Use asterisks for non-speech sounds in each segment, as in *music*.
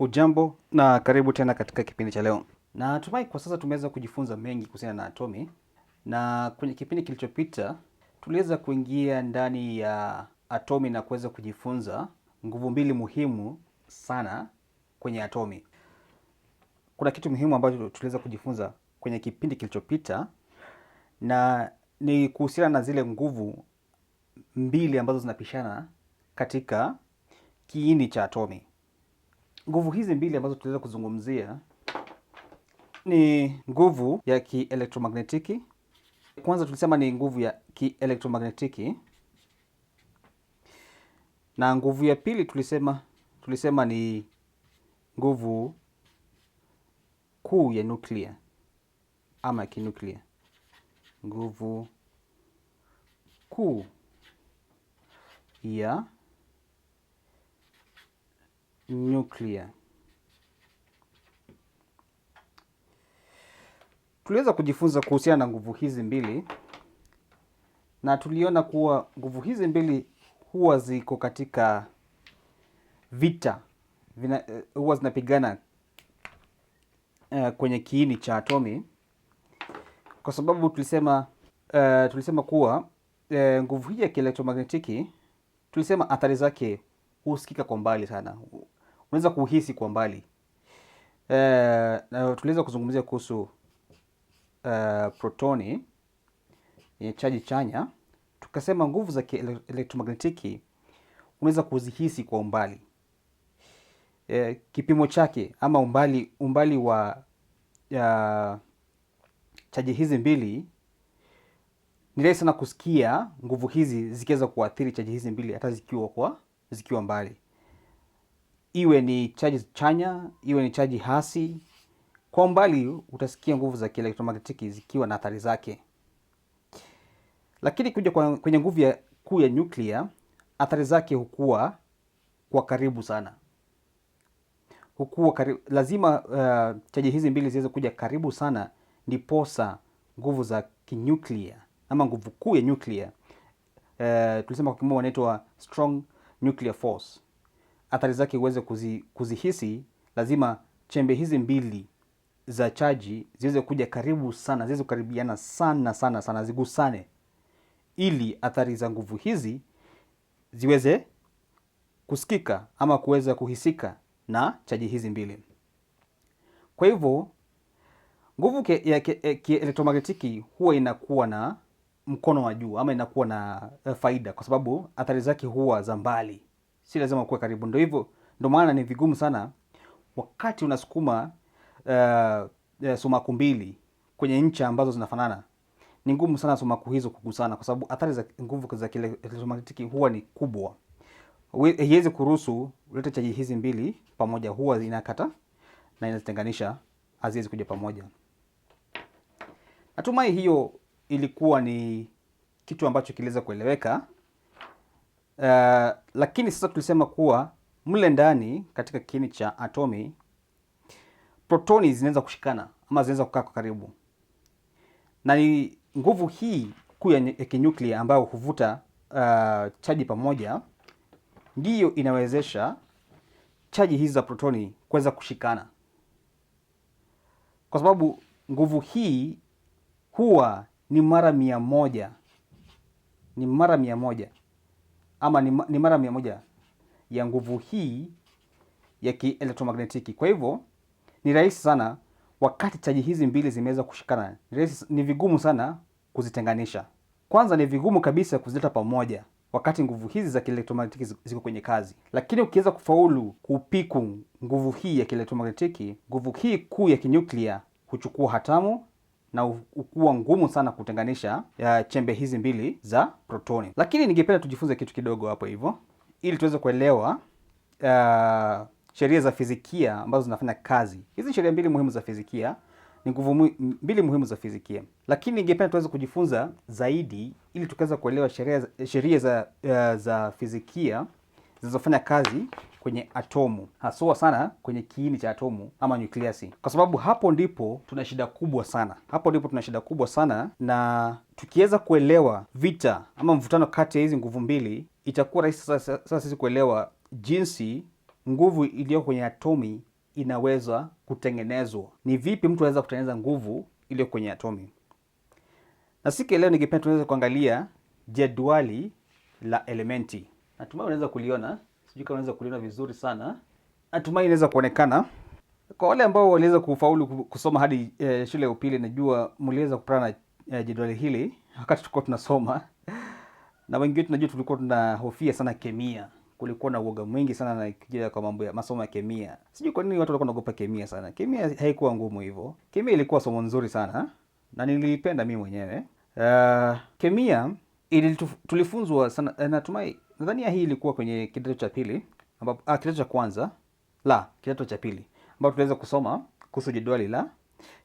Hujambo na karibu tena katika kipindi cha leo. Natumai kwa sasa tumeweza kujifunza mengi kuhusiana na atomi, na kwenye kipindi kilichopita tuliweza kuingia ndani ya atomi na kuweza kujifunza nguvu mbili muhimu sana kwenye atomi. Kuna kitu muhimu ambacho tuliweza kujifunza kwenye kipindi kilichopita na ni kuhusiana na zile nguvu mbili ambazo zinapishana katika kiini cha atomi. Nguvu hizi mbili ambazo tunaweza kuzungumzia ni nguvu ya kielektromagnetiki. Kwanza tulisema ni nguvu ya kielektromagnetiki, na nguvu ya pili tulisema tulisema ni nguvu kuu ya nuklia ama kinuklia, nguvu kuu ya nuclear. Tuliweza kujifunza kuhusiana na nguvu hizi mbili na tuliona kuwa nguvu hizi mbili huwa ziko katika vita vina, eh, huwa zinapigana uh, kwenye kiini cha atomi kwa sababu tulisema uh, tulisema kuwa uh, nguvu hii ya kielektromagnetiki tulisema athari zake husikika kwa mbali sana unaweza kuhisi kwa mbali uh, tuliweza kuzungumzia kuhusu uh, protoni yenye eh, chaji chanya, tukasema nguvu za kielektromagnetiki unaweza kuzihisi kwa umbali e, kipimo chake ama umbali, umbali wa ya, chaji hizi mbili ni rahisi sana kusikia nguvu hizi zikiweza kuathiri chaji hizi mbili hata zikiwa kwa zikiwa mbali iwe ni chaji chanya, iwe ni chaji hasi. Kwa umbali utasikia nguvu za kielektromagnetiki zikiwa na athari zake, lakini kuja kwenye nguvu ya kuu ya nyuklia, athari zake hukua kwa karibu sana hukua karibu. Lazima uh, chaji hizi mbili ziweze kuja karibu sana, ndiposa nguvu za kinyuklia ama nguvu kuu ya nyuklia uh, tulisema kwa kimombo wanaitwa strong nuclear force athari zake uweze kuzi, kuzihisi, lazima chembe hizi mbili za chaji ziweze kuja karibu sana, ziweze kukaribiana sana sana sana, zigusane ili athari za nguvu hizi ziweze kusikika ama kuweza kuhisika na chaji hizi mbili. Kwa hivyo nguvu ya eh, kielektromagnetiki huwa inakuwa na mkono wa juu ama inakuwa na eh, faida kwa sababu athari zake huwa za mbali si lazima kuwe karibu. ndo hivyo, ndo maana ni vigumu sana wakati unasukuma uh, uh, sumaku mbili kwenye ncha ambazo zinafanana, ni ngumu sana sumaku hizo kugusana, kwa sababu athari za nguvu za kielektromagnetiki huwa ni kubwa. iwezi kuruhusu lete chaji hizi mbili pamoja, huwa inakata na inazitenganisha, haziwezi kuja pamoja. Natumai hiyo ilikuwa ni kitu ambacho kiliweza kueleweka. Uh, lakini sasa tulisema kuwa mle ndani katika kiini cha atomi protoni zinaweza kushikana ama zinaweza kukaa kwa karibu, na ni nguvu hii kuu ya kinyuklia ambayo huvuta uh, chaji pamoja ndiyo inawezesha chaji hizi za protoni kuweza kushikana, kwa sababu nguvu hii huwa ni mara mia moja, ni mara mia moja ama ni, ni mara mia moja ya nguvu hii ya kielektromagnetiki. Kwa hivyo ni rahisi sana wakati chaji hizi mbili zimeweza kushikana, ni rahisi, ni vigumu sana kuzitenganisha. Kwanza ni vigumu kabisa kuzileta pamoja wakati nguvu hizi za kielektromagnetiki ziko kwenye kazi, lakini ukiweza kufaulu kupiku nguvu hii ya kielektromagnetiki, nguvu hii kuu ya kinyuklia huchukua hatamu na ukuwa ngumu sana kutenganisha ya chembe hizi mbili za protoni, lakini ningependa tujifunze kitu kidogo hapo hivyo ili tuweze kuelewa uh, sheria za fizikia ambazo zinafanya kazi hizi sheria mbili muhimu za fizikia ni nguvu mbili muhimu za fizikia, lakini ningependa tuweze kujifunza zaidi ili tukaweza kuelewa sheria, sheria za, uh, za fizikia zinazofanya kazi kwenye atomu, haswa sana kwenye kiini cha atomu ama nyukliasi, kwa sababu hapo ndipo tuna shida kubwa sana, hapo ndipo tuna shida kubwa sana, na tukiweza kuelewa vita ama mvutano kati ya hizi nguvu mbili, itakuwa rahisi sasa sisi kuelewa jinsi nguvu iliyo kwenye atomi inaweza kutengenezwa. Ni vipi mtu anaweza kutengeneza nguvu iliyo kwenye atomi? Na siku leo ningependa tunaweza kuangalia jedwali la elementi, natumai unaweza kuliona Sijui kama unaweza kuliona vizuri sana. Natumai inaweza kuonekana. Kwa wale ambao waliweza kufaulu kusoma hadi eh, shule ya upili, najua mliweza kupatana na eh, jedwali hili wakati tulikuwa tunasoma. na wengi wetu tunajua tulikuwa tunahofia sana kemia. Kulikuwa na uoga mwingi sana na kija kwa mambo ya masomo ya kemia. Sijui kwa nini watu walikuwa wanaogopa kemia sana. Kemia haikuwa ngumu hivyo. Kemia ilikuwa somo nzuri sana na nilipenda mimi mwenyewe. Uh, kemia ili tulifunzwa sana, eh, natumai nadhania hii ilikuwa kwenye kidato cha pili ambapo ah, kidato cha kwanza la kidato cha pili ambapo tuliweza kusoma kuhusu jedwali la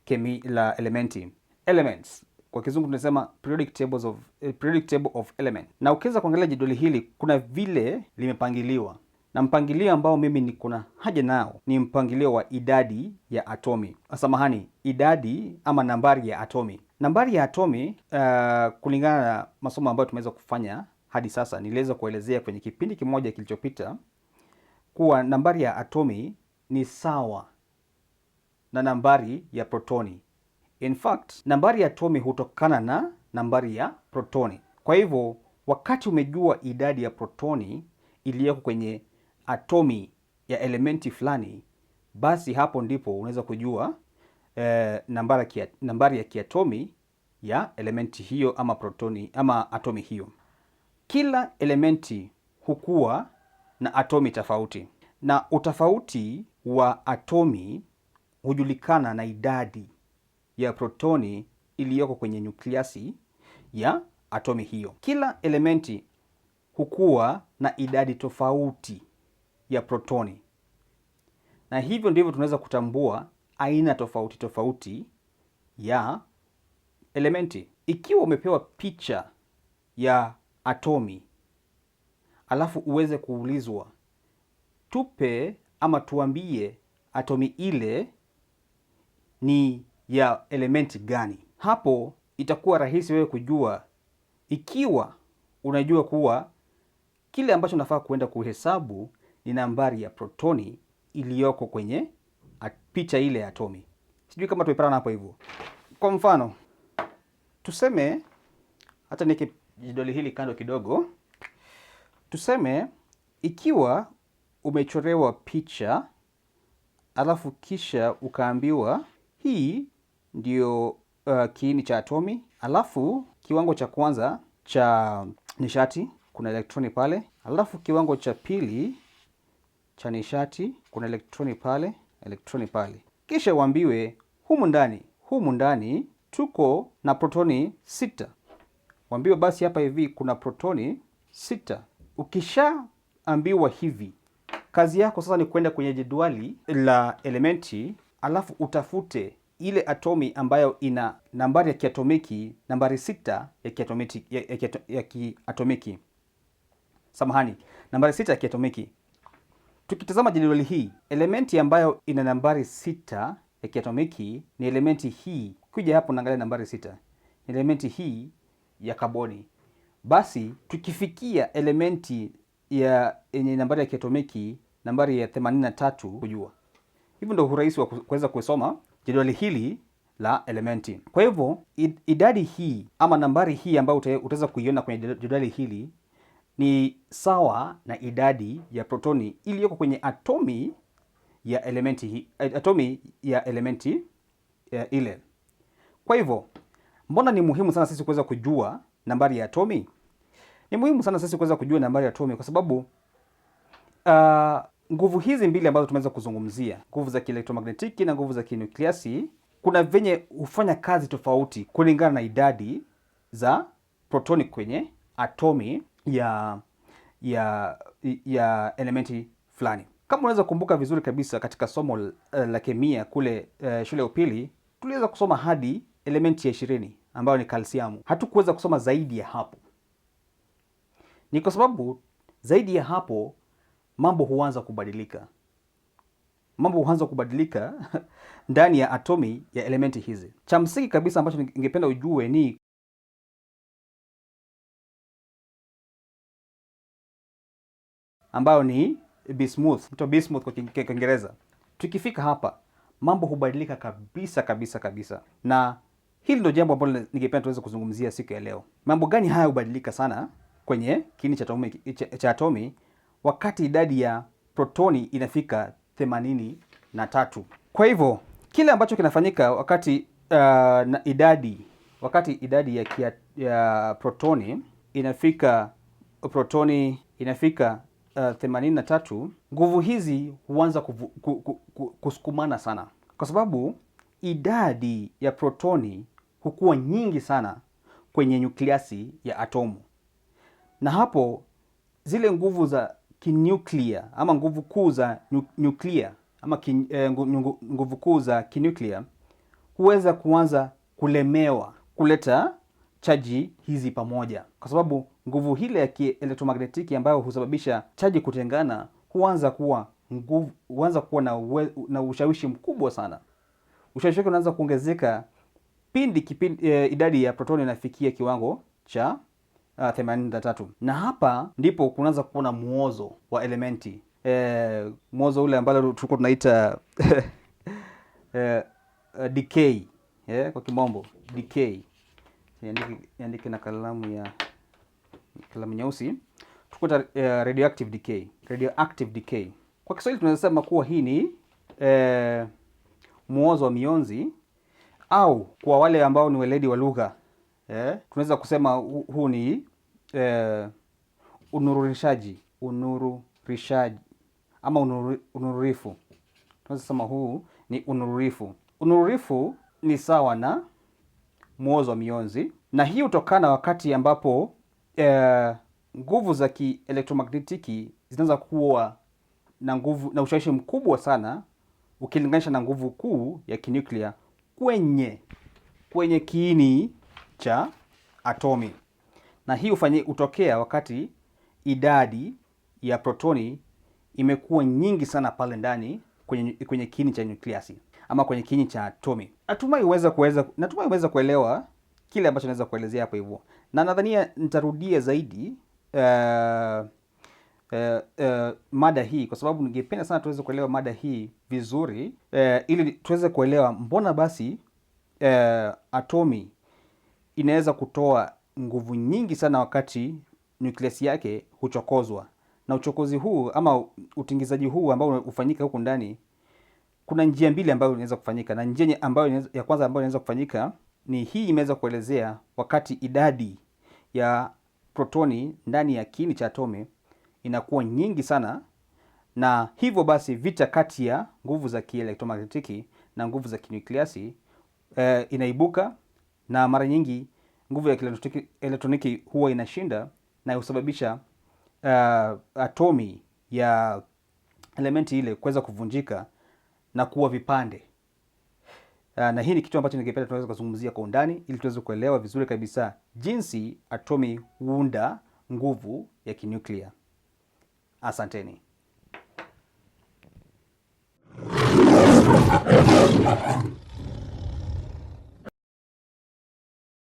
kemi la elementi elements kwa kizungu tunasema periodic tables of eh, periodic table of element. Na ukiweza kuangalia jedwali hili kuna vile limepangiliwa, na mpangilio ambao mimi niko na haja nao ni mpangilio wa idadi ya atomi, ah, samahani, idadi ama nambari ya atomi. Nambari ya atomi uh, kulingana na masomo ambayo tumeweza kufanya hadi sasa, niliweza kuelezea kwenye kipindi kimoja kilichopita kuwa nambari ya atomi ni sawa na nambari ya protoni. In fact, nambari ya atomi hutokana na nambari ya protoni. Kwa hivyo wakati umejua idadi ya protoni iliyoko kwenye atomi ya elementi fulani, basi hapo ndipo unaweza kujua eh, nambari ya kiatomi ya elementi hiyo ama protoni ama atomi hiyo. Kila elementi hukuwa na atomi tofauti, na utofauti wa atomi hujulikana na idadi ya protoni iliyoko kwenye nyukliasi ya atomi hiyo. Kila elementi hukuwa na idadi tofauti ya protoni, na hivyo ndivyo tunaweza kutambua aina tofauti tofauti ya elementi. Ikiwa umepewa picha ya atomi, alafu uweze kuulizwa tupe ama tuambie atomi ile ni ya elementi gani. Hapo itakuwa rahisi wewe kujua, ikiwa unajua kuwa kile ambacho unafaa kuenda kuhesabu ni nambari ya protoni iliyoko kwenye picha ile ya atomi. Sijui kama tumepatana hapo. Hivyo kwa mfano tuseme hata niki jidole hili kando kidogo, tuseme ikiwa umechorewa picha alafu kisha ukaambiwa hii ndio uh, kiini cha atomi, alafu kiwango cha kwanza cha nishati kuna elektroni pale, alafu kiwango cha pili cha nishati kuna elektroni pale, elektroni pale, kisha uambiwe humu ndani, humu ndani tuko na protoni sita wambiwa basi hapa hivi kuna protoni sita. Ukishaambiwa hivi, kazi yako sasa ni kwenda kwenye jedwali la elementi, alafu utafute ile atomi ambayo ina nambari ya kiatomiki nambari sita ya kiatomiki, ya, ya, ya kiatomiki. Samahani, nambari sita ya kiatomiki. Tukitazama jedwali hii, elementi ambayo ina nambari sita ya kiatomiki ni elementi hii. Kuja hapo naangalia nambari sita, elementi hii ya kaboni. Basi tukifikia elementi ya yenye nambari ya kiatomiki nambari ya 83 kujua. Hivyo ndio urahisi wa kuweza kusoma jedwali hili la elementi. Kwa hivyo idadi hii ama nambari hii ambayo utaweza kuiona kwenye jedwali hili ni sawa na idadi ya protoni iliyoko kwenye atomi ya elementi hii, eh, atomi ya elementi ya eh, ile. Kwa hivyo Mbona ni muhimu sana sisi kuweza kujua nambari ya atomi? Ni muhimu sana sisi kuweza kujua nambari ya atomi kwa sababu uh, nguvu hizi mbili ambazo tumeweza kuzungumzia, nguvu za kielektromagnetiki na nguvu za kinukliasi, kuna venye hufanya kazi tofauti kulingana na idadi za protoni kwenye atomi ya ya ya elementi fulani. Kama unaweza kumbuka vizuri kabisa, katika somo eh, la kemia kule uh, shule ya upili tuliweza kusoma hadi elementi ya ishirini ambayo ni kalsiamu. Hatukuweza kusoma zaidi ya hapo, ni kwa sababu zaidi ya hapo mambo huanza kubadilika, mambo huanza kubadilika *laughs* ndani ya atomi ya elementi hizi. Cha msingi kabisa ambacho ningependa ujue ni ambayo ni bismuth, mto bismuth kwa Kiingereza. Tukifika hapa mambo hubadilika kabisa kabisa kabisa na Hili ndio jambo ambalo ningependa tuweze kuzungumzia siku ya leo. Mambo gani haya hubadilika sana kwenye kiini cha atomi, cha, cha atomi wakati idadi ya protoni inafika themanini na tatu. Kwa hivyo kile ambacho kinafanyika wakati uh, na idadi wakati idadi ya, kia, ya protoni inafika protoni inafika uh, themanini na tatu, nguvu hizi huanza ku, ku, ku, kusukumana sana kwa sababu idadi ya protoni hukuwa nyingi sana kwenye nyukliasi ya atomu, na hapo zile nguvu za kinuklia ama nguvu kuu za nyuklia ama ki, eh, nguvu kuu za kinuklia huweza kuanza kulemewa kuleta chaji hizi pamoja, kwa sababu nguvu hile ya kielektromagnetiki ambayo husababisha chaji kutengana huanza kuwa nguvu, huanza kuwa na, uwe, na ushawishi mkubwa sana. Ushawishi wake unaanza kuongezeka pindi, kipindi e, idadi ya protoni inafikia kiwango cha 83 ah, na hapa ndipo kunaanza kuona muozo wa elementi e, eh, muozo ule ambalo tulikuwa tunaita *laughs* e, uh, decay yeah, kwa kimombo decay. Niandike na kalamu ya kalamu nyeusi tukuta uh, radioactive decay, radioactive decay. Kwa Kiswahili tunaweza sema kuwa hii ni uh, muozo wa mionzi au kwa wale ambao ni weledi wa lugha eh, tunaweza kusema huu hu ni eh, unururishaji unururishaji ama unururifu. Tunaweza kusema huu ni unururifu. Unururifu ni sawa na mwozo wa mionzi, na hii hutokana wakati ambapo eh, nguvu za kielektromagnetiki zinaweza kuwa na nguvu na ushawishi mkubwa sana ukilinganisha na nguvu kuu ya kinuklia kwenye kwenye kiini cha atomi, na hii ufanye utokea wakati idadi ya protoni imekuwa nyingi sana pale ndani kwenye, kwenye kiini cha nyukliasi ama kwenye kiini cha atomi. Natumai uweza kuweza natumai uweza kuelewa kile ambacho naweza kuelezea hapo hivyo, na nadhania nitarudia zaidi uh, eh, eh, mada hii kwa sababu ningependa sana tuweze kuelewa mada hii vizuri eh, ili tuweze kuelewa mbona basi eh, atomi inaweza kutoa nguvu nyingi sana wakati nucleus yake huchokozwa na uchokozi huu ama utingizaji huu ambao hufanyika huku ndani, kuna njia mbili ambayo inaweza kufanyika, na njia ambayo ya kwanza ambayo inaweza kufanyika ni hii imeweza kuelezea wakati idadi ya protoni ndani ya kiini cha atomi inakuwa nyingi sana, na hivyo basi vita kati ya nguvu za kielektromagnetiki na nguvu za kinukliasi eh, inaibuka na mara nyingi nguvu ya kielektroniki huwa inashinda na husababisha uh, atomi ya elementi ile kuweza kuvunjika na kuwa vipande uh, na hii ni kitu ambacho ningependa tunaweza kuzungumzia kwa undani ili tuweze kuelewa vizuri kabisa jinsi atomi huunda nguvu ya kinuklia. Asanteni.